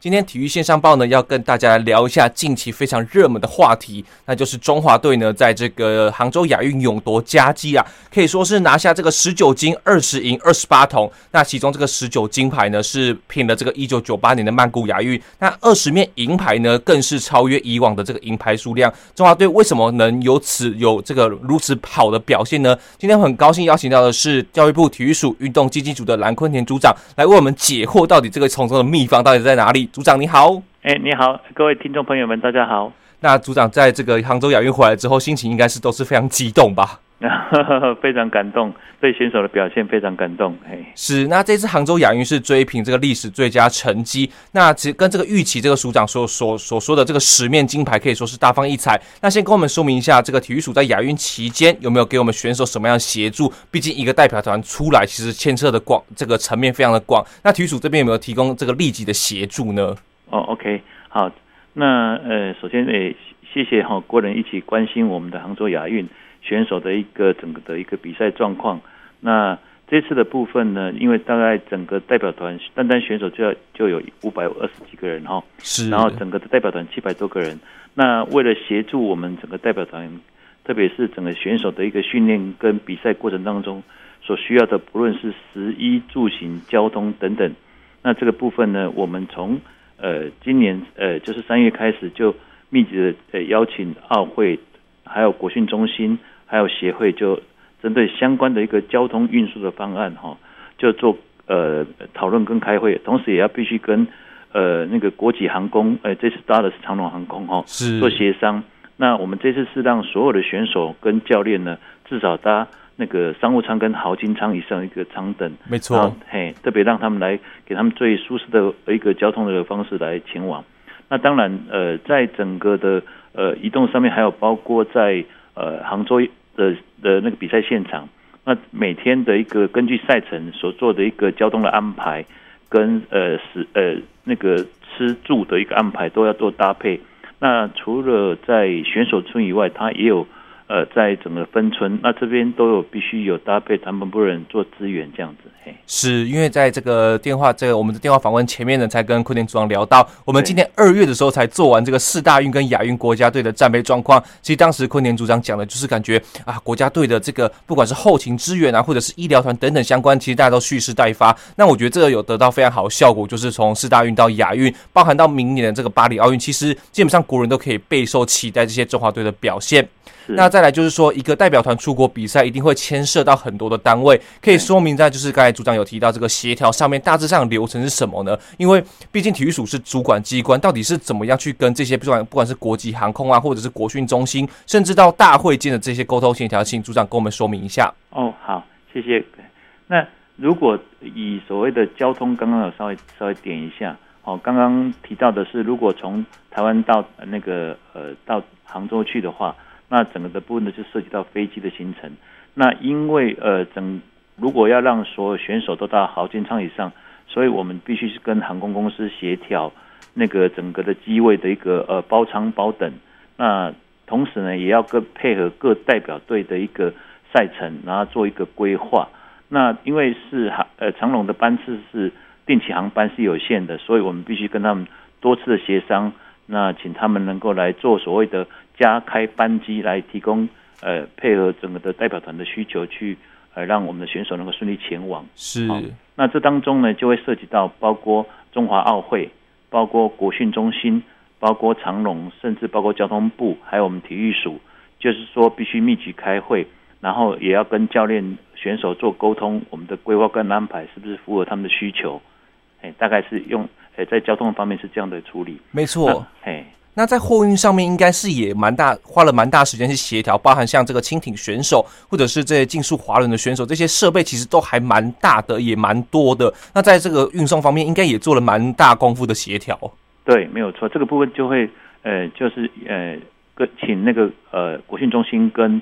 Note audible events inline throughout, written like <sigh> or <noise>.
今天體育線上報呢，要跟大家聊一下近期非常熱門的話題，那就是中華隊呢在這個杭州亞運勇奪佳績啊，可以說是拿下這個十九金、二十銀、二十八銅。那其中這個十九金牌呢是平了這個一九九八年的曼谷亞運，那二十面銀牌呢更是超越以往的這個銀牌數量。中華隊為什麼能有此有這個如此好的表現呢？今天很高興邀請到的是教育部體育署競技運動組的藍坤田組長來為我們解惑，到底這個成功的秘方到底在哪裡？組長你好，哎、欸，你好，各位聽眾朋友們，大家好。那組長在這個杭州亞運回來之後，心情應該是都是非常激動吧？ <laughs> 非常感動，對選手的表現非常感動。是。那這次杭州亞運是追平這個歷史最佳成績。那其實跟這個預期這個署長所所所說的這個十面金牌可以說是大放異彩。那先跟我們說明一下，這個體育署在亞運期間有沒有給我們選手什麼樣協助？畢竟一個代表團出來，其實牽涉的廣，這個層面非常的廣。那體育署這邊有沒有提供這個立即的協助呢？哦，OK，好。那呃，首先，哎、欸，謝謝哈、哦、國人一起關心我們的杭州亞運。選手的一個整個的一個比賽狀況，那這次的部分呢，因為大概整個代表團單單選手就要就有五百二十幾個人哈、哦，是，然後整個的代表團七百多個人，那為了協助我們整個代表團，特別是整個選手的一個訓練跟比賽過程當中所需要的，不論是食衣住行交通等等，那這個部分呢，我們從呃今年呃就是三月開始就密集的呃邀請奧會還有國訓中心，還有協會就針對相關的一個交通運輸的方案、哦，哈，就做呃討論跟開會，同時也要必須跟呃那個國際航空，呃，這次搭的是長龍航空、哦，哈，是做協商。那我們這次是讓所有的選手跟教練呢，至少搭那個商務艙跟豪金艙以上一個艙等，沒錯，嘿，特別讓他們來給他們最舒適的一個交通的方式來前往。那當然，呃，在整個的呃移動上面，還有包括在呃杭州。的的那個比賽現場，那每天的一個根據賽程所做的一個交通的安排跟，跟呃是呃那個吃住的一個安排都要做搭配。那除了在選手村以外，它也有。呃，在整個分村，那這邊都有必須有搭配他們部門做資源這樣子。嘿，是，因為在這個電話，這個我們的電話訪問前面呢，才跟坤田組長聊到，我們今年二月的時候才做完這個四大運跟亞運國家隊的戰備狀況。其實當時坤田組長講的就是感覺啊，國家隊的這個不管是後勤支援啊，或者是醫療團等等相關，其實大家都蓄勢待發。那我覺得這個有得到非常好的效果，就是從四大運到亞運，包含到明年的這個巴黎奧運，其實基本上國人都可以備受期待這些中華隊的表現。那再來就是說，一個代表團出國比賽一定會牽涉到很多的單位，可以說明在就是剛才組長有提到這個協調上面大致上流程是什麼呢？因為畢竟體育署是主管機關，到底是怎麼樣去跟這些不管不管是國際航空啊，或者是國訓中心，甚至到大會間的這些溝通協調，請組長跟我們說明一下。哦，好，謝謝。那如果以所謂的交通，剛剛有稍微稍微點一下，哦，剛剛提到的是，如果從台灣到那個呃到杭州去的話。那整個的部分呢，就涉及到飛機的行程。那因為呃，整如果要讓所有選手都到豪經艙以上，所以我們必須是跟航空公司協調那個整個的機位的一個呃包艙包等。那同時呢，也要跟配合各代表隊的一個賽程，然後做一個規劃。那因為是航呃長榮的班次是定期航班是有限的，所以我們必須跟他們多次的協商。那請他們能夠來做所謂的加開班機，來提供呃配合整個的代表團的需求去，去呃讓我們的選手能夠順利前往。是，哦、那這當中呢，就會涉及到包括中華奧會，包括國訓中心，包括長榮，甚至包括交通部，還有我們體育署，就是說必須密集開會，然後也要跟教練、選手做溝通，我們的規劃跟安排是不是符合他們的需求？哎、欸，大概是用。在交通方面是這樣的處理，沒錯。哎，那在貨運上面應該是也蠻大，花了蠻大時間去協調，包含像這個輕艇選手或者是這些競速滑輪的選手，這些設備其實都還蠻大的，也蠻多的。那在這個運送方面，應該也做了蠻大功夫的協調。對，沒有錯。這個部分就會，呃，就是呃，跟請那個呃國訓中心跟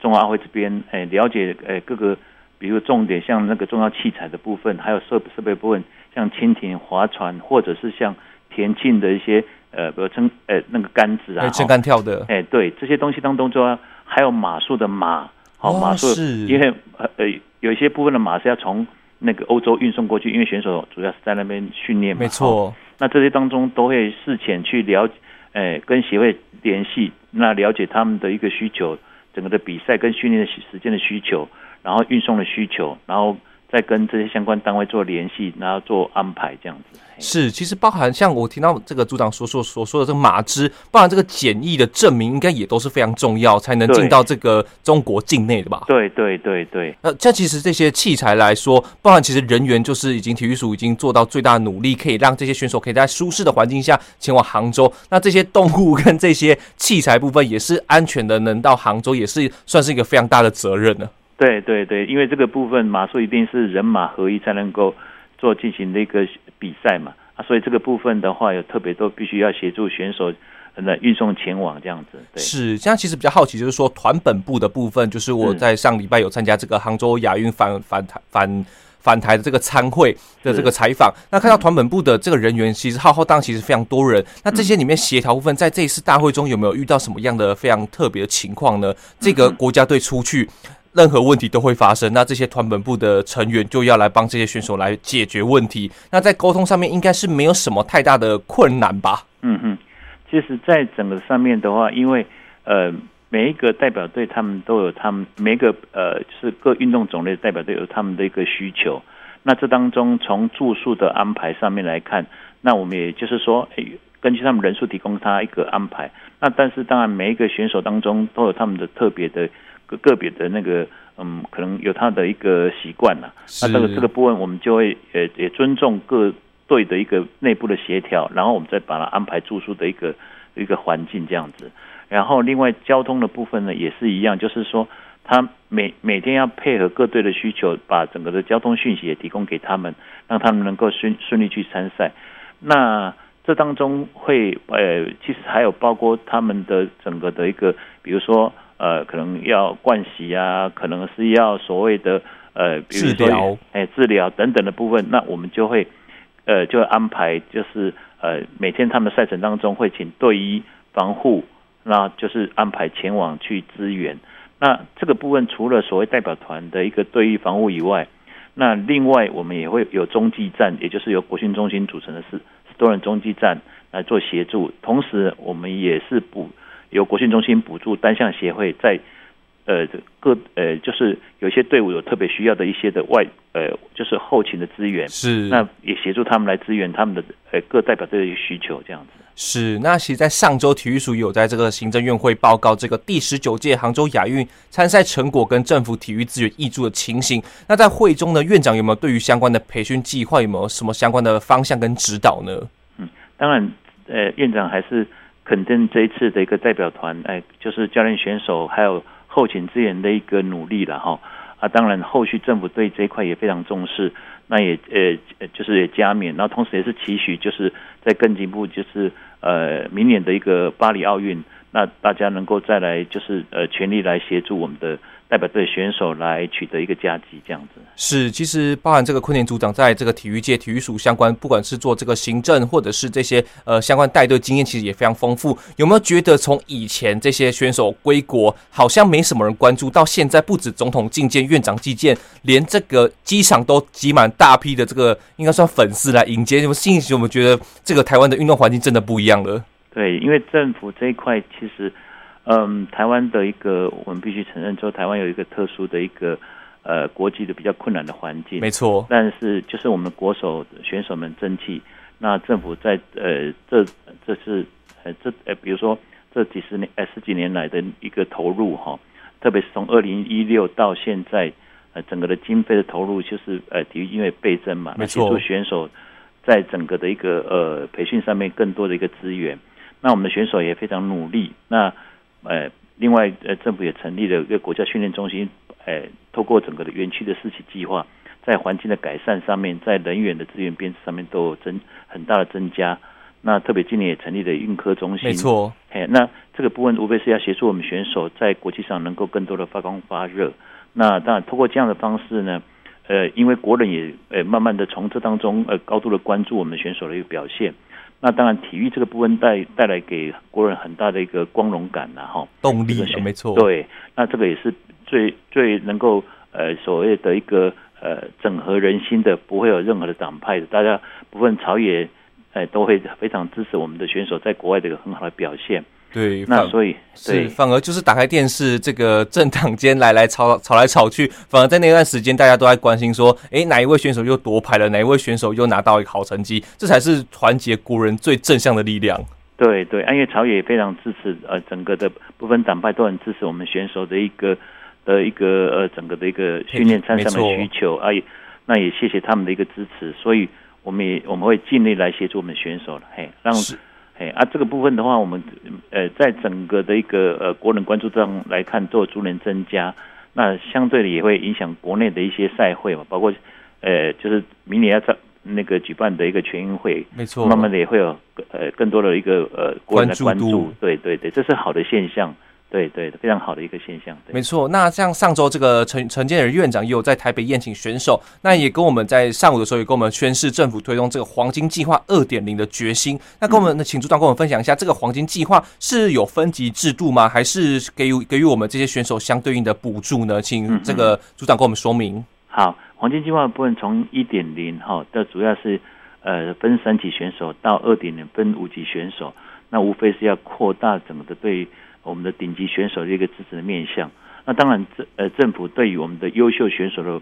中華奧會這邊，哎、呃，了解哎、呃、各個，比如重點像那個重要器材的部分，還有設設備部分。像輕艇划船，或者是像田徑的一些呃，比如撐呃那個桿子啊，撐桿跳的，哎、哦，對這些東西當中就要，還有馬術的馬，好、哦、是馬術，因為呃呃，有一些部分的馬是要從那個歐洲運送過去，因為選手主要是在那邊訓練，沒錯。那這些當中都會事前去了解，哎、呃，跟協會聯繫，那了解他們的一個需求，整個的比賽跟訓練的時間的需求，然後運送的需求，然後。在跟這些相關單位做聯繫，然後做安排，這樣子。是，其實包含像我聽到這個組長所說所說，說，說的這個馬之，包含這個檢疫的證明，應該也都是非常重要，才能進到這個中國境內的吧？對對對對，對。呃，那像其實這些器材來說，包含其實人員，就是已經體育署已經做到最大的努力，可以讓這些選手可以在舒適的環境下前往杭州。那這些動物跟這些器材部分也是安全的，能到杭州也是算是一個非常大的責任呢。對對對，因為這個部分馬術一定是人馬合一才能夠做進行的一個比賽嘛，啊，所以這個部分的話有特別多，必須要協助選手，那運送前往這樣子。對是，現在其實比較好奇，就是說團本部的部分，就是我在上禮拜有參加這個杭州亞運返返台返返台的這個參會的這個採訪，那看到團本部的這個人員其實浩浩蕩，其實非常多人。那這些裡面協調部分在這一次大會中有沒有遇到什麼樣的非常特別的情況呢？這個國家隊出去。任何問題都會發生，那這些團本部的成員就要來幫這些選手來解決問題。那在溝通上面應該是沒有什麼太大的困難吧？嗯嗯，其實，在整個上面的話，因為呃，每一個代表隊他們都有他們每個呃，就是各運動種類代表隊有他們的一個需求。那這當中從住宿的安排上面來看，那我們也就是說，欸，根據他們人數提供他一個安排。那但是當然，每一個選手當中都有他們的特別的。個個別的那個，嗯，可能有他的一個習慣了啊。那這個這個部分，我們就會，呃，也尊重各隊的一個內部的協調，然後我們再把它安排住宿的一個一個環境這樣子。然後，另外交通的部分呢，也是一樣，就是說，他每每天要配合各隊的需求，把整個的交通訊息也提供給他們，讓他們能夠順順利去參賽。那這當中會，呃，其實還有包括他們的整個的一個，比如說。呃，可能要盥洗啊，可能是要所謂的呃比如說治療，哎、欸、治療等等的部分，那我們就會呃就會安排，就是呃每天他們賽程當中會請隊醫防護，那就是安排前往去支援。那這個部分除了所謂代表團的一個隊醫防護以外，那另外我們也會有中繼站，也就是由國訓中心組成的是多人中繼站來做協助，同時我們也是補。由國訓中心補助單項協會在呃各呃就是有些隊伍有特別需要的一些的外呃就是後勤的資源是，那也協助他們來支援他們的呃各代表隊的需求這樣子是。那其實，在上週體育署也有在這個行政院會報告這個第十九屆杭州亞運參賽成果跟政府體育資源挹注的情形。那在會中呢，院長有沒有對於相關的培訓計劃有沒有什麼相關的方向跟指導呢？嗯，當然，呃，院長還是。肯定這一次的一個代表團，哎，就是教練、選手還有後勤資源的一個努力了哈。啊，當然後續政府對這一塊也非常重視，那也呃就是也嘉勉，然後同時也是期許，就是再更進一步，就是呃明年的一個巴黎奧運，那大家能夠再來就是呃全力來協助我們的。代表隊選手來取得一個佳績，這樣子是。其實，包含這個坤田組長，在這個體育界、體育署相關，不管是做這個行政，或者是這些呃相關帶隊經驗，其實也非常豐富。有沒有覺得，從以前這些選手歸國，好像沒什麼人關注，到現在不止總統覲見、院長覲見，連這個機場都擠滿大批的這個應該算粉絲來迎接。什麼信息？我們覺得這個台灣的運動環境真的不一樣了。對，因為政府這一塊其實。嗯，台灣的一個我們必須承認，說台灣有一個特殊的一個呃國際的比較困難的環境。沒錯，但是就是我們國手選手們爭氣，那政府在呃這這是呃這呃比如說這幾十年呃十幾年來的一個投入哈，特別是從二零一六到現在呃整個的經費的投入就是呃體育因為倍增嘛，沒錯，選手在整個的一個呃培訓上面更多的一個資源，那我們的選手也非常努力，那。呃，另外，呃，政府也成立了一個國家訓練中心。哎、呃，透過整個的園區的四期計劃，在環境的改善上面，在人員的資源編制上面都有增很大的增加。那特別今年也成立了運科中心，沒錯。哎，那這個部分無非是要協助我們選手在國際上能夠更多的發光發熱。那當然，透過這樣的方式呢，呃，因為國人也呃慢慢的從這當中呃高度的關注我們選手的一個表現。那當然，體育這個部分帶帶來給國人很大的一個光榮感然、啊、哈，動力也沒錯，對，那這個也是最最能夠呃所謂的一個呃整合人心的，不會有任何的黨派，的。大家不分朝野，呃都會非常支持我們的選手在國外的一個很好的表現。對，那所以對，反而就是打開電視，這個政黨間來來吵吵來吵去，反而在那段時間，大家都在關心說，哎，哪一位選手又奪牌了？哪一位選手又拿到一個好成績？這才是團結國人最正向的力量。對對，朝野也非常支持，呃，整個的部分黨派都很支持我們選手的一個的一個呃，整個的一個訓練參賽的需求。哎、啊，那也謝謝他們的一個支持，所以我們也我們會盡力來協助我們選手，嘿，讓。哎，啊，這個部分的話，我們呃，在整個的一個呃國人關注上來看，做逐年增加，那相對的也會影響國內的一些賽會嘛，包括呃，就是明年要在那個舉辦的一個全運會，沒錯，慢慢的也會有呃更多的一個呃國人的關注，關注，對對對，這是好的現象。對對，非常好的一個現象。對，沒錯，那像上周這個陳陳建仁院長也有在台北宴請選手，那也跟我們在上午的時候也跟我們宣示政府推動這個黃金計劃二點零的決心。那跟我們，嗯、那請組長跟我們分享一下，這個黃金計劃是有分級制度嗎？還是給予給予我們這些選手相對應的補助呢？請這個組長跟我們說明。好，黃金計劃的部分從一點零哈，的主要是呃分三級選手到二點零分五級選手，那無非是要擴大怎麼的對。我們的頂級選手的一個支持的面向，那當然呃政府對於我們的優秀選手的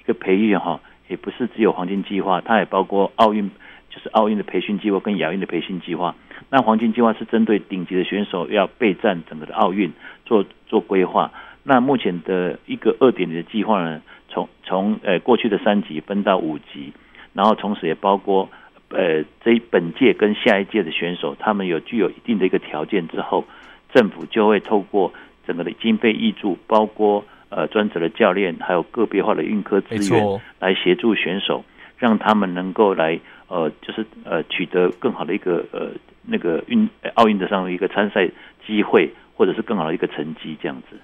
一個培育哈，也不是只有黃金計劃，它也包括奧運，就是奧運的培訓計劃跟亞運的培訓計劃。那黃金計劃是針對頂級的選手要備戰整個的奧運做做規劃。那目前的一個二點零的計劃呢，從從呃過去的三級分到五級，然後同時也包括呃這一本屆跟下一屆的選手，他們有具有一定的一個條件之後。政府就會透過整個的經費挹注，包括呃專職的教練，還有個別化的運科資源，來協助選手，哦，讓他們能夠來呃，就是呃取得更好的一個呃那個運奧運的上的一個參賽機會，或者是更好的一個成績，這樣子。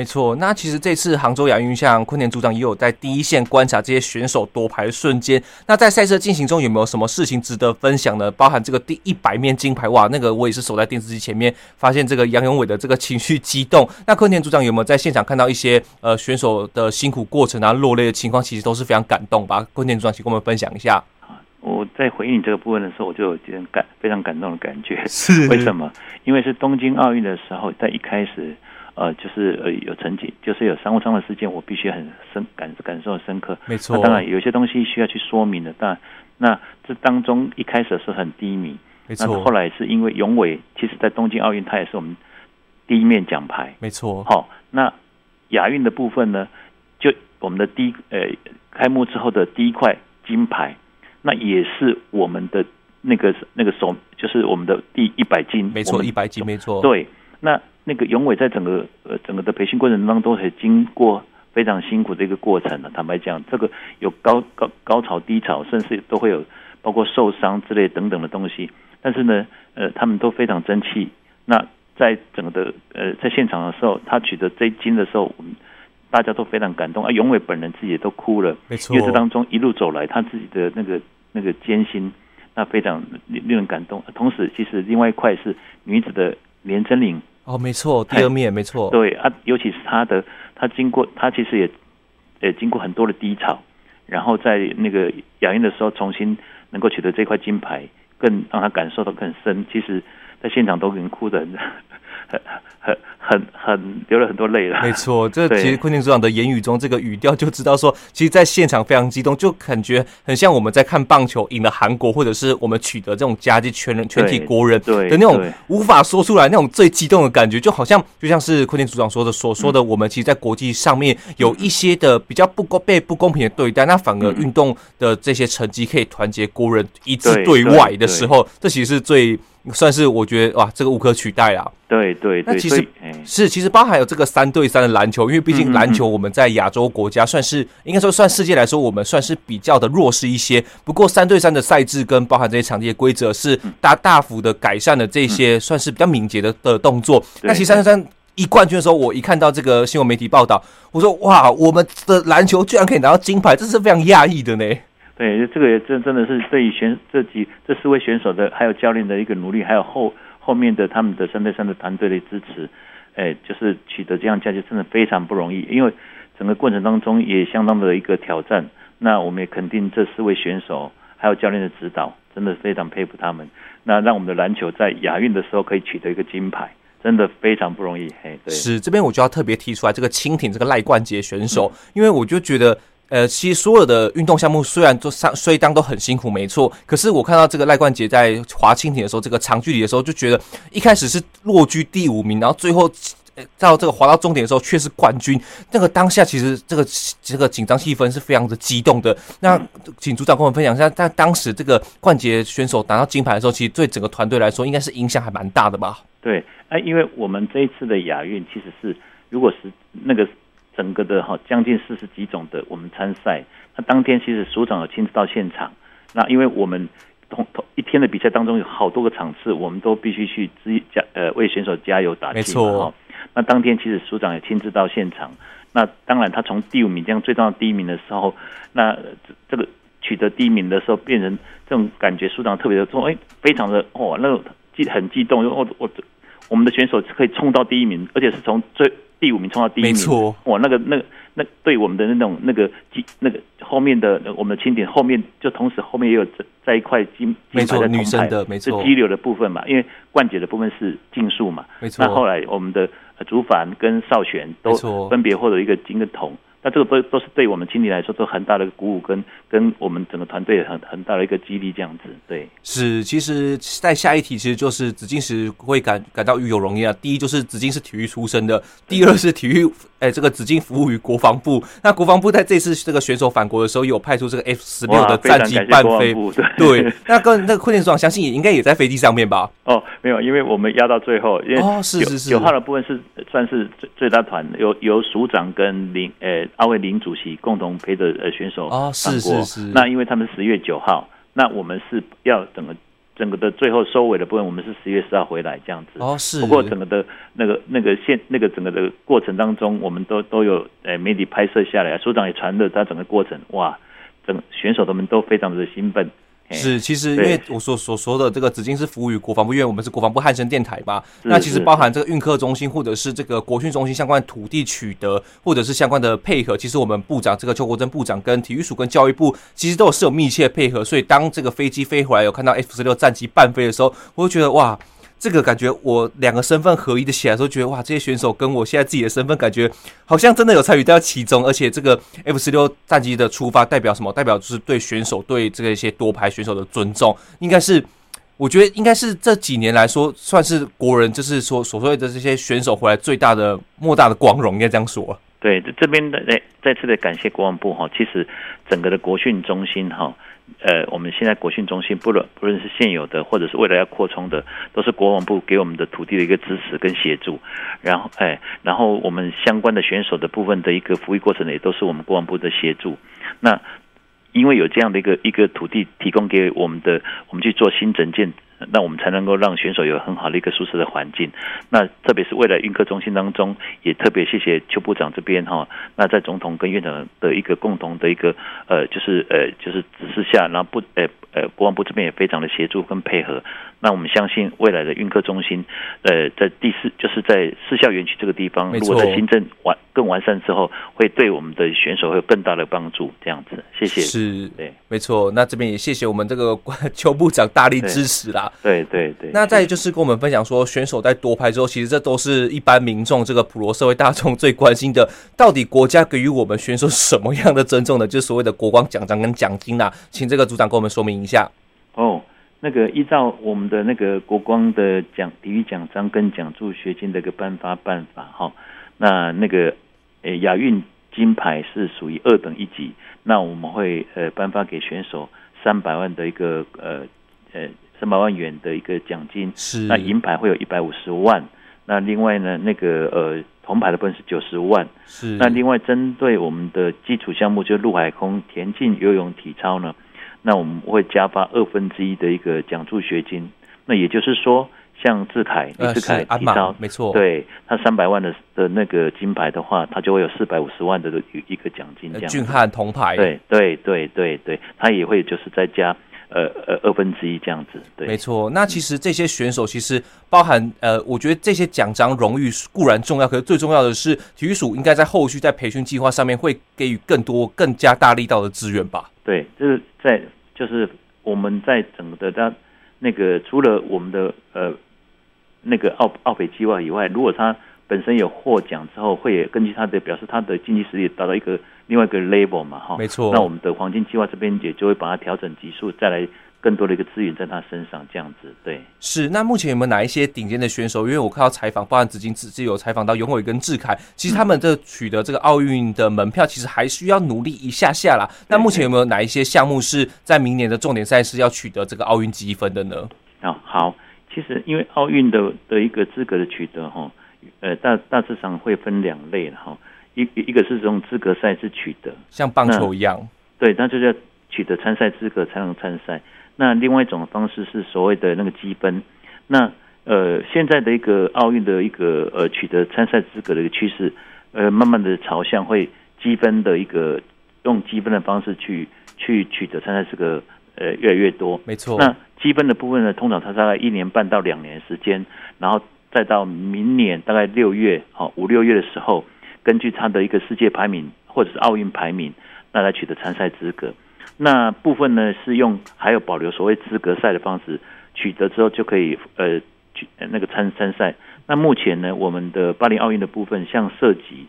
沒錯，那其實這次杭州亞運，像坤田組長也有在第一線觀察這些選手奪牌的瞬間。那在賽事進行中，有沒有什麼事情值得分享呢？包含這個第一百面金牌哇，那個我也是守在電視機前面，發現這個楊勇緯的這個情緒激動。那坤田組長有沒有在現場看到一些呃選手的辛苦過程啊、落淚的情況？其實都是非常感動吧。坤田組長，請跟我們分享一下。我在回應你這個部分的時候，我就有點感非常感動的感覺。是為什麼？因為是東京奧運的時候，在一開始。呃，就是呃，有成績，就是有商務艙的事件，我必須很深感感受很深刻。沒錯，當然有些東西需要去說明的。但，那這當中一開始是很低迷，沒錯。那後來是因為勇緯，其實，在東京奧運，他也是我們第一面獎牌，沒錯。好，那亞運的部分呢，就我們的第一呃開幕之後的第一塊金牌，那也是我們的那個那個首，就是我們的第一百金，沒錯，我們一百金，沒錯，對。那那個勇緯在整個呃整個的培訓過程當中，也經過非常辛苦的一個過程了，啊。坦白講，這個有高高高潮低潮，甚至都會有包括受傷之類等等的東西。但是呢，呃，他們都非常爭氣。那在整個的呃在現場的時候，他取得這一金的時候，我們大家都非常感動啊。勇緯本人自己也都哭了，沒錯。因為當中一路走來，他自己的那個那個艱辛，那非常令人感動。同時，其實另外一塊是女子的連珍羚。哦，沒錯，第二面沒錯。對啊，尤其是他的，他經過，他其實也，也經過很多的低潮，然後在那個亞運的時候重新能夠取得這塊金牌，更讓他感受到更深。其實在現場都跟哭的人。呵呵很很流了很多淚了，沒錯，這其實坤田組長的言語中，這個語調就知道說，其實在現場非常激動，就感覺很像我們在看棒球贏了韓國，或者是我們取得這種佳績，全全體國人的那種對對無法說出來那種最激動的感覺，就好像就像是坤田組長說的所說的，說的我們其實，在國際上面有一些的比較不公被不公平的對待、嗯，那反而運動的這些成績可以團結國人一致對外的時候，這其實是最。算是我覺得哇，這個無可取代啦。對，對對對，那其實對對、哎、是其實包含有這個三對三的籃球，因為畢竟籃球我們在亞洲國家算是、嗯、應該說算世界來說，我們算是比較的弱勢一些。不過三對三的賽制跟包含這些場地的規則是大、嗯、大幅的改善了這些算是比較敏捷的的動作。那、嗯、其實三對三一冠軍的時候，我一看到這個新聞媒體報道，我說哇，我們的籃球居然可以拿到金牌，這是非常訝異的呢。對，這個也真的是對於選這幾，這，幾這四位選手的，還有教練的一個努力，還有後後面的他們的三對三的團隊的支持，哎，就是取得這樣佳績真的非常不容易。因為整個過程當中也相當的一個挑戰。那我們也肯定這四位選手還有教練的指導，真的非常佩服他們。那讓我們的籃球在亞運的時候可以取得一個金牌，真的非常不容易。嘿，對。是這邊我就要特別提出來這個蜻蜓這個賴冠傑選手、嗯，因為我就覺得。呃，其實所有的運動項目雖然都上，雖然當都很辛苦，沒錯。可是我看到這個賴冠杰在划輕艇的時候，這個長距離的時候，就覺得一開始是落居第五名，然後最後、呃、到這個划到終點的時候卻是冠軍。那個當下其實這個這個緊張氣氛是非常的激動的。那請組長跟我們分享一下，在當時這個冠杰選手拿到金牌的時候，其實對整個團隊來說，應該是影響還蠻大的吧？對，哎、呃，因為我們這一次的亞運其實是如果是那個。整個的哈，將近四十幾種的我們參賽，那當天其實署長有親自到現場。那因為我們同同一天的比賽當中有好多個場次，我們都必須去支加呃為選手加油打氣。沒錯，哈。那當天其實署長也親自到現場。那當然，他從第五名這樣追到第一名的時候，那這個取得第一名的時候，變成這種感覺，署長特別的重，哎，非常的哦，那種激很激動，因為我我。我我們的選手是可以衝到第一名，而且是從最第五名衝到第一名。沒錯，哇，那個、那個、那對我們的那種、那個金、那個後面的我們的清點後面，就同時後面也有在在一塊金、一塊銅的，沒錯，是激流的部分嘛，因為冠姐的部分是競速嘛。沒錯，那後來我們的竹凡跟少璇都分別獲得一個金的、的銅。那這個都都是對我們經理來說都很大的鼓舞跟跟我們整個團隊很很大的一個激勵這樣子，對。是，其實，在下一題其實就是紫金是會感感到與有榮焉啊。第一就是紫金是體育出身的，第二是體育，哎、欸，這個紫金服務於國防部。 <laughs> 那國防部在這次這個選手返國的時候，有派出這個 F 十六的戰機伴飛，對, <laughs> 對。那跟那個空軍所長，相信也應該也在飛機上面吧？哦，沒有，因為我們壓到最後，9, 哦、是是九九號的部分是算是最大團，有有署長跟林，哎、欸。阿偉林主席共同陪着，呃選手返國。哦，那因為他們十月九號，那我們是要整個整個的最後收尾的部分，我們是十月十號回來這樣子。哦，是。不過整個的那個那個現那個整個的過程當中，我們都都有呃媒體拍攝下來，首長也傳了他整個過程，哇，整個選手他們都非常的興奮。是，其實因為我所所說的這個資金是服務於國防部，因為我們是國防部漢聲電台嘛。那其實包含這個運科中心或者是這個國訓中心相關的土地取得，或者是相關的配合，其實我們部長這個邱國正部長跟體育署跟教育部其實都是有密切配合。所以當這個飛機飛回來，有看到 F 十六戰機伴飛的時候，我就覺得哇。這個感覺，我兩個身份合一的起來時覺得哇，這些選手跟我現在自己的身份，感覺好像真的有參與到其中。而且這個 F16 戰機的出發代表什麼？代表就是對選手、對這個一些奪牌選手的尊重。應該是，我覺得應該是這幾年來說，算是國人就是所所說所謂的這些選手回來最大的莫大的光榮，應該這樣說。對，這邊的哎，再次的感謝國防部哈。其實整個的國訓中心哈。呃，我們現在國訓中心，不論不論是現有的，或者是未來要擴充的，都是國防部給我們的土地的一個支持跟協助。然後，哎、欸，然後我們相關的選手的部分的一個服役過程，也都是我們國防部的協助。那因為有這樣的一個一個土地提供給我們的，我們去做新整建。那我們才能夠讓選手有很好的一個舒適的環境。那特別是未來運科中心當中，也特別謝謝邱部長這邊哈。那在總統跟院長的一個共同的一個呃，就是呃就是指示下，然後不呃呃國防部這邊也非常的協助跟配合。那我們相信未來的運科中心，呃，在第四，就是在四校園區這個地方，如果在新政完更完善之後，會對我們的選手會有更大的幫助。這樣子，謝謝。是，對，沒錯。那這邊也謝謝我們這個邱部長大力支持啦。對對對，對。那再就是跟我們分享說，選手在奪牌之後，其實這都是一般民眾這個普羅社會大眾最關心的，到底國家給予我們選手什麼樣的尊重呢？就是所謂的國光獎章跟獎金啦、啊、請這個組長跟我們說明一下。哦。那個依照我們的那個國光的獎體育獎章跟獎助學金的一個頒發辦法哈，那那個呃亞運金牌是屬於二等一級，那我們會呃頒發給選手三百萬的一個呃呃三百萬元的一個獎金，是那銀牌會有一百五十萬，那另外呢那個呃銅牌的部分是九十萬，是那另外針對我們的基礎項目就陸海空田徑游泳體操呢。那我們會加發二分之一的一個獎助學金，那也就是說像自，像智凱、李智凱、鞍馬，沒錯，對他三百萬的的那個金牌的話，他就會有四百五十萬的一個獎金這樣。俊漢銅牌，對對對對對，他也會就是再加。呃呃，二分之一這樣子，對，沒錯。那其實這些選手其實包含呃，我覺得這些獎章榮譽固然重要，可是最重要的是體育署應該在後續在培訓計劃上面會給予更多更加大力道的資源吧？對，就是在就是我們在整個的他那個除了我們的呃那個奧奧北計劃以外，如果他本身有獲獎之後，會也根據他的表示，他的競技實力達到一個。另外一個 label 嘛，哈，沒錯。那我們的黃金計劃這邊也就會把它調整級數，再來更多的一個資源在他身上，這樣子，對。是。那目前有沒有哪一些頂尖的選手？因為我看到採訪，包含紫金是有採訪到永偉跟志凱，其實他們這個取得這個奧運的門票、嗯，其實還需要努力一下下啦。那目前有沒有哪一些項目是在明年的重點賽事要取得這個奧運積分的呢？啊、哦，好。其實因為奧運的的一個資格的取得，哈，呃，大大致上會分兩類了，哈。一一個是這種資格賽制取得，像棒球一樣，對，那就是要取得參賽資格才能參賽。那另外一種方式是所謂的那個積分。那呃，現在的一個奧運的一個呃取得參賽資格的一個趨勢，呃，慢慢的朝向會積分的一個用積分的方式去去取得參賽資格，呃，越來越多，沒錯。那積分的部分呢，通常它大概一年半到兩年時間，然後再到明年大概六月哦五六月的時候，根據他的一個世界排名或者是奧運排名，那來取得參賽資格。那部分呢，是用還有保留所謂資格賽的方式取得，之後就可以呃，呃那個參參賽。那目前呢，我們的巴黎奧運的部分，像射擊、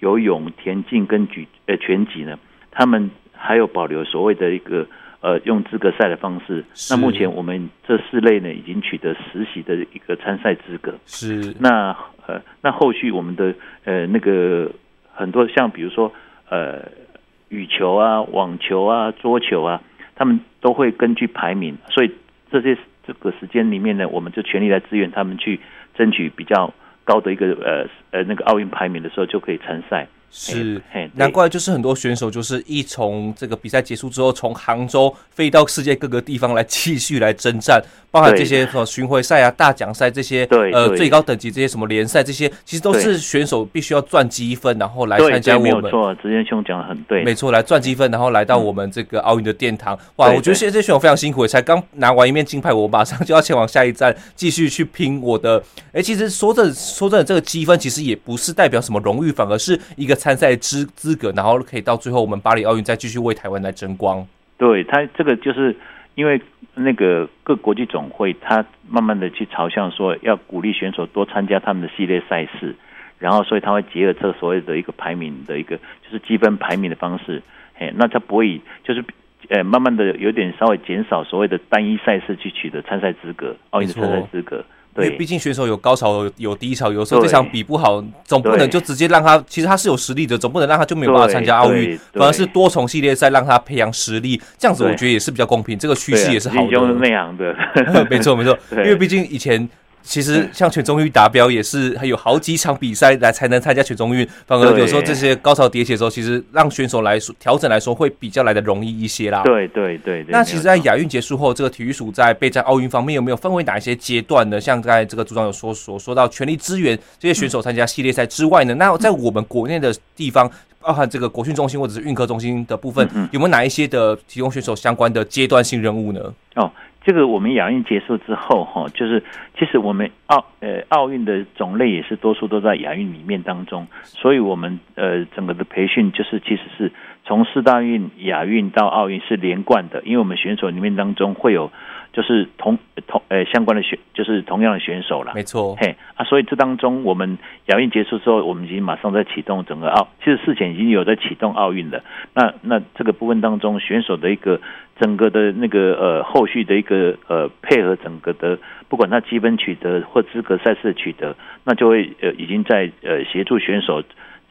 游泳、田徑跟舉呃拳擊呢，他們還有保留所謂的一個呃用資格賽的方式。那目前我們這四類呢已經取得十席的一個參賽資格。是那。呃，那後續我們的呃那個很多像比如說呃羽球啊、網球啊、桌球啊，他們都會根據排名。所以這些這個時間裡面呢，我們就全力來支援他們去爭取比較高的一個呃呃那個奧運排名的時候就可以參賽。是，難怪就是很多選手就是一從這個比賽結束之後，從杭州飛到世界各個地方來繼續來征戰，包含這些什麼巡迴賽啊、大獎賽這些，對，呃，最高等級這些什麼聯賽這些，其實都是選手必須要賺積分，然後來參加我們。沒有錯，之前選手講的很對，沒錯，來賺積分，然後來到我們這個奧運的殿堂。哇，我覺得現在這些選手非常辛苦，才剛拿完一面金牌，我馬上就要前往下一站繼續去拼我的。哎，其實說真說真的，這個積分其實也不是代表什麼榮譽，反而是一個。參賽資資格，然後可以到最後我們巴黎奧運再繼續為台灣來爭光。對他這個就是因為那個各國際總會，他慢慢的去朝向說要鼓勵選手多參加他們的系列賽事，然後所以他會結合這所謂的一個排名的一個就是積分排名的方式，嘿，那他不會就是呃、欸、慢慢的有點稍微減少所謂的單一賽事去取得參賽資格，奧運的參賽資格。對，畢竟選手有高潮，有低潮，有時候這場比不好，總不能就直接讓他。其實他是有實力的，總不能讓他就沒有辦法參加奧運，反而是多重系列賽讓他培養實力。這樣子我覺得也是比較公平，這個趨勢也是好的、就是、那樣的， <laughs> 沒錯沒錯，因為畢竟以前。其實，像全中運達標也是還有好幾場比賽來才能參加全中運，反而有時候這些高潮迭起的時候，其實讓選手來說調整來說會比較來得容易一些啦。對對對，對。那其實，在亞運結束後，這個體育署在備戰奧運方面有沒有分為哪一些階段呢？像在這個組長有說說說到全力支援這些選手參加系列賽之外呢、嗯？那在我們國內的地方，包含這個國訓中心或者是運科中心的部分，嗯嗯有沒有哪一些的提供選手相關的階段性任務呢？哦。這個我們亞運結束之後，哈，就是其實我們奧呃奧運的種類也是多數都在亞運裡面當中，所以我們呃整個的培訓就是其實是。從四大運、亞運到奧運是連貫的，因為我們選手裡面當中會有，就是同同呃、欸、相關的選，就是同樣的選手啦，沒錯，嘿啊，所以這當中我們亞運結束之後，我們已經馬上在啟動整個奧，其實事前已經有在啟動奧運了。那那這個部分當中，選手的一個整個的那個呃後續的一個呃配合，整個的不管他積分取得或資格賽事取得，那就會呃已經在呃協助選手，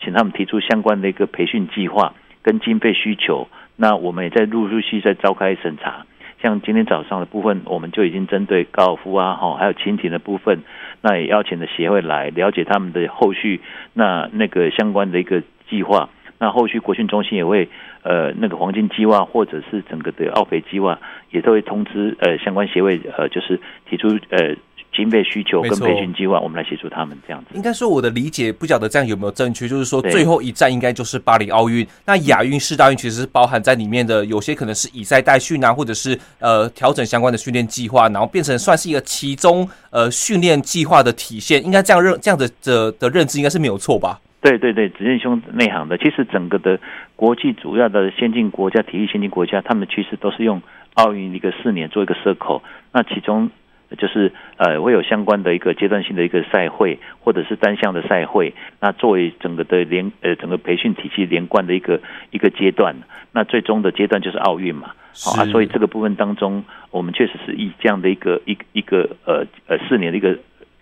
請他們提出相關的一個培訓計劃。跟經費需求，那我們也在陸陸續續在召開審查。像今天早上的部分，我們就已經針對高爾夫啊，哈，還有輕艇的部分，那也邀請了協會來了解他們的後續那那個相關的一個計劃。那後續國訓中心也會，呃，那個黃金計劃或者是整個的奧培計劃，也都會通知呃相關協會，呃，就是提出呃。經費需求跟培訓計劃，我們來協助他們這樣子。應該說，我的理解不曉得這樣有沒有正確，就是說最後一站應該就是巴黎奧運。那亞運、世大運其實是包含在裡面的，有些可能是以賽代訓啊，或者是呃調整相關的訓練計劃，然後變成算是一個其中呃訓練計劃的體現。應該這樣認，這樣子的的的認知應該是沒有錯吧？對對對，子健兄內行的。其實整個的國際主要的先進國家、體育先進國家，他們其實都是用奧運一個四年做一個 circle，那其中。就是呃會有相關的一個階段性的一個賽會，或者是單項的賽會，那作為整個的連呃整個培訓體系連貫的一個一個階段，那最終的階段就是奧運嘛。好，啊，所以這個部分當中，我們確實是以這樣的一個一個一個呃呃四年的一個。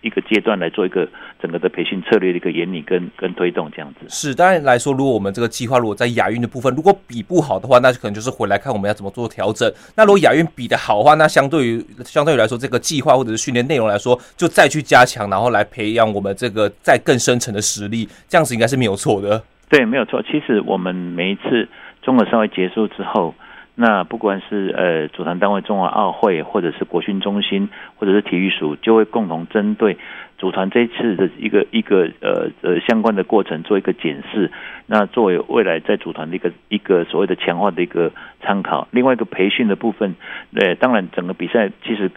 一個階段來做一個整個的培訓策略的一個引領跟跟推動，這樣子是當然來說，如果我們這個計劃如果在亞運的部分如果比不好的話，那就可能就是回來看我們要怎麼做調整。那如果亞運比得好的話，那相對於相對於來說，這個計劃或者是訓練內容來說，就再去加強，然後來培養我們這個再更深層的實力，這樣子應該是沒有錯的。對，沒有錯。其實我們每一次綜合賽會結束之後。那不管是呃組團單位中華奧會，或者是國訓中心，或者是體育署，就會共同針對組團這一次的一個一個呃呃相關的過程做一個檢視。那作為未來在組團的一個一個所謂的強化的一個參考。另外一個培訓的部分，對，呃，當然整個比賽其實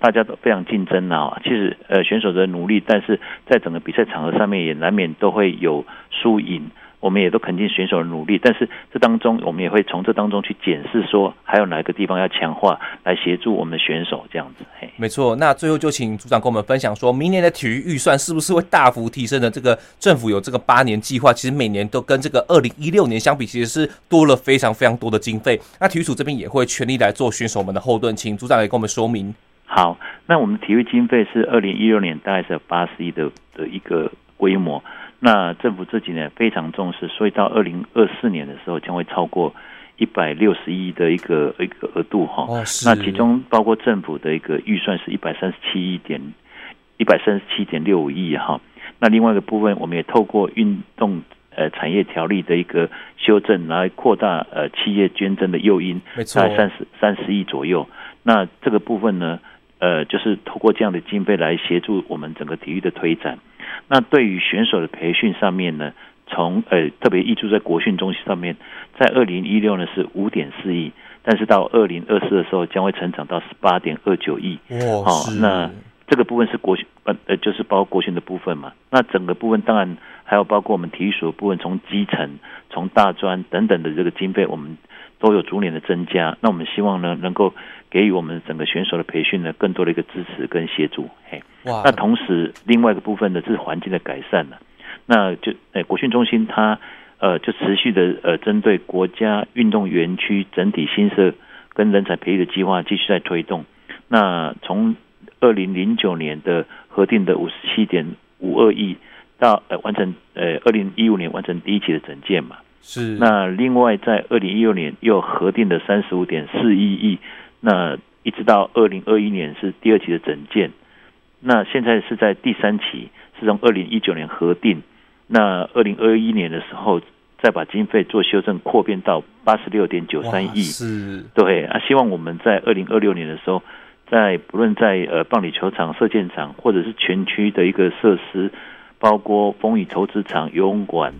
大家都非常競爭啊，其實呃選手的努力，但是在整個比賽場合上面也難免都會有輸贏。我們也都肯定選手的努力，但是這當中，我們也會從這當中去檢視，說還有哪個地方要強化，來協助我們的選手這樣子。嘿沒錯，那最後就請組長跟我們分享，說明年的體育預算是不是會大幅提升的。這個政府有這個八年計劃，其實每年都跟這個二零一六年相比，其實是多了非常非常多的經費。那體育署這邊也會全力來做選手們的後盾，請組長來跟我們說明。好，那我們體育經費是二零一六年大概是八十億的的一個規模。那政府這幾年非常重視，所以到二零二四年的時候，將會超過一百六十億的一個一個額度哈。那其中包括政府的一個預算是一百三十七億點一百三十七點六五億哈。那另外一個部分，我們也透過運動呃產業條例的一個修正來擴大呃企業捐贈的誘因，在三十三十億左右。那這個部分呢？呃，就是透過這樣的經費來協助我們整個體育的推展。那對於選手的培訓上面呢，從呃特別挹注在國訓中心上面，在二零一六呢是五點四億，但是到二零二四的時候將會成長到十八點二九億。哦，那這個部分是國訓呃就是包括國訓的部分嘛？那整個部分當然還有包括我們體育署的部分，從基層、從大專等等的這個經費，我們。都有逐年的增加，那我們希望呢，能夠給予我們整個選手的培訓呢，更多的一個支持跟協助。嘿，wow. 那同時另外一個部分呢，是環境的改善，啊、那就誒、欸，國訓中心它呃，就持續的呃，針對國家運動園區整體新設跟人才培育的計劃，繼續在推動。那從二零零九年的核定的五十七點五二億到，到呃完成呃二零一五年完成第一期的整建嘛。是，那另外在二零一六年又核定的三十五點四一億，那一直到二零二一年是第二期的整建。那現在是在第三期，是從二零一九年核定，那二零二一年的時候再把經費做修正擴編到八十六點九三億，是，對啊，希望我們在二零二六年的時候，在不論在呃棒壘球場、射箭場，或者是全區的一個設施，包括風雨投資場、游泳館。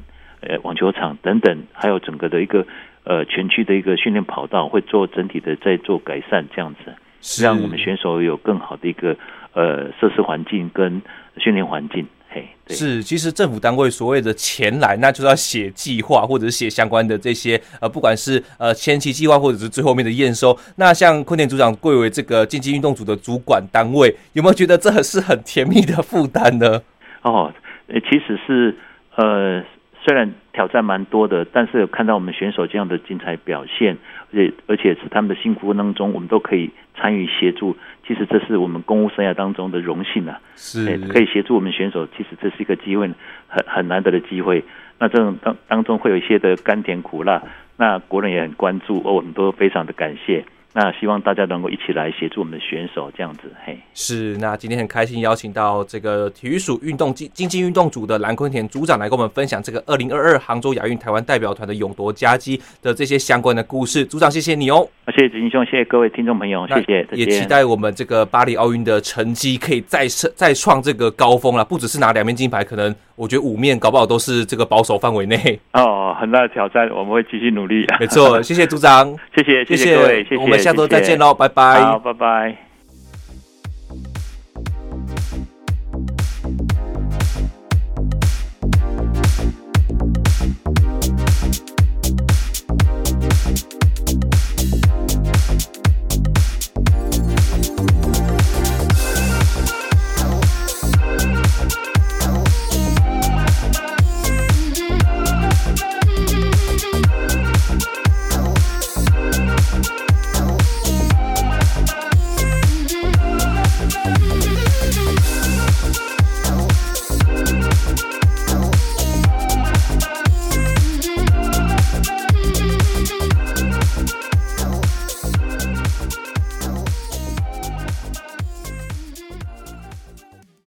呃，網球場等等，還有整個的一個呃全區的一個訓練跑道，會做整體的在做改善，這樣子是，讓我們選手有更好的一個呃設施環境跟訓練環境。嘿對，是，其實政府單位所謂的前來，那就是要寫計劃，或者寫相關的這些呃，不管是呃前期計劃，或者是最後面的驗收。那像坤田組長，貴為這個競技運動組的主管單位，有沒有覺得這是很甜蜜的負擔呢？哦，呃，其實是呃。雖然挑戰蠻多的，但是看到我們選手這樣的精彩表現，而且而且是他們的辛苦當中，我們都可以參與協助。其實這是我們公務生涯當中的榮幸啊，是，欸、可以協助我們選手。其實這是一個機會，很很難得的機會。那這種當當中會有一些的甘甜苦辣，那國人也很關注，哦、我們都非常的感謝。那希望大家能夠一起來協助我們的選手，這樣子嘿。是，那今天很開心邀請到這個體育署運動競競技運動組的藍坤田組長來跟我們分享這個二零二二杭州亞運台灣代表團的勇奪佳績的這些相關的故事。組長，謝謝你哦。啊，謝謝子英兄，謝謝各位聽眾朋友，謝謝，也期待我們這個巴黎奧運的成績可以再創再創這個高峰了，不只是拿兩面金牌，可能。我覺得五面搞不好都是這個保守範圍內哦、oh，很大的挑戰，我們會繼續努力。 <laughs> 沒錯，謝謝組長， <laughs> 謝謝謝謝，謝，謝，謝，謝各位謝謝，我們下周再見嘍，拜拜，好，拜拜。